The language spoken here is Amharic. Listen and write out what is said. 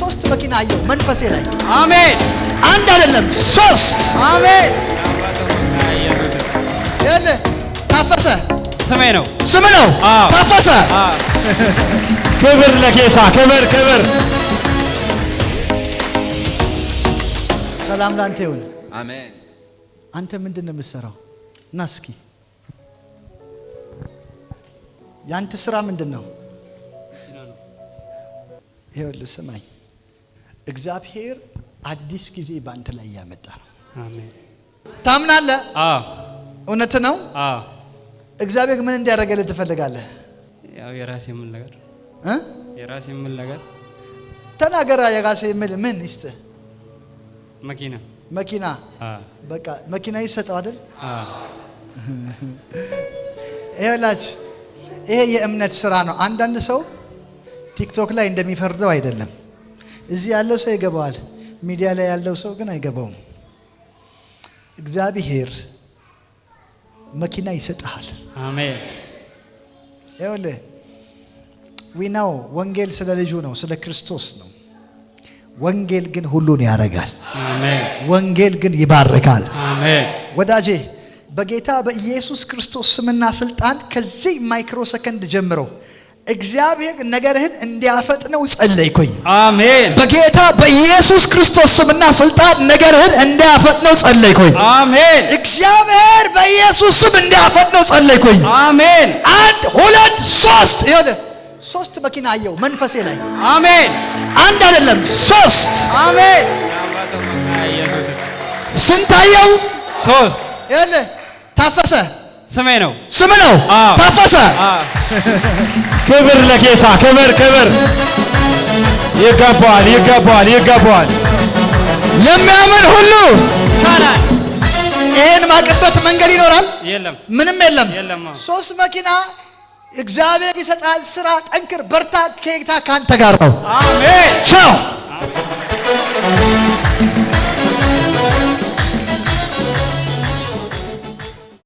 ሶስት መኪና አየሁ መንፈሴ ላይ። አሜን። አንድ አይደለም ሶስት። አሜን። ታፈሰ ስሜ ነው ስም ነው ታፈሰ። ክብር ለጌታ ክብር ክብር። ሰላም ላንተ ይሁን። አሜን። አንተ ምንድን ነው የምትሰራው? ና እስኪ ያንተ ስራ ምንድን ነው? ይሄው ልስማኝ እግዚአብሔር አዲስ ጊዜ በአንተ ላይ እያመጣ ነው። ታምናለህ? እውነት ነው። እግዚአብሔር ምን እንዲያደርግልህ ትፈልጋለህ? ያው የራሴ ምን ነገር እ የራሴ ምን ነገር ተናገራ። የራሴ ምን ምን ይስጥህ? መኪና መኪና በቃ መኪና ይሰጠው አይደል? ይኸውላች ይሄ የእምነት ስራ ነው። አንዳንድ ሰው ቲክቶክ ላይ እንደሚፈርደው አይደለም እዚህ ያለው ሰው ይገባዋል። ሚዲያ ላይ ያለው ሰው ግን አይገባውም። እግዚአብሔር መኪና ይሰጥሃል። አሜን። ይኸውልህ ዊናው ወንጌል ስለ ልጁ ነው፣ ስለ ክርስቶስ ነው። ወንጌል ግን ሁሉን ያደርጋል። አሜን። ወንጌል ግን ይባርካል። አሜን። ወዳጄ በጌታ በኢየሱስ ክርስቶስ ስምና ስልጣን ከዚህ ማይክሮ ሰከንድ ጀምሮ እግዚአብሔር ነገርህን እንዲያፈጥነው ጸለይኩኝ። አሜን። በጌታ በኢየሱስ ክርስቶስ ስምና ስልጣን ነገርህን እንዲያፈጥነው ጸለይኩኝ። አሜን። እግዚአብሔር በኢየሱስ ስም እንዲያፈጥነው ጸለይኩኝ። አሜን። አንድ ሁለት ሶስት ይሆነ ሶስት መኪና አየው መንፈሴ ላይ። አሜን። አንድ አይደለም ሶስት። አሜን። ስንት አየው? ሶስት። ይሆነ ታፈሰ ስሜ ነው። ስም ነው። ታፈሰ። ክብር ለጌታ ክብር ክብር ይገባዋል ይገባዋል ይገባዋል። ለሚያምን ሁሉ ይቻላል። ይሄን ማቅበት መንገድ ይኖራል? የለም፣ ምንም የለም። ሶስት መኪና እግዚአብሔር ይሰጣል። ስራ፣ ጠንክር፣ በርታ። ከጌታ ካንተ ጋር ነው። አሜን። ቻው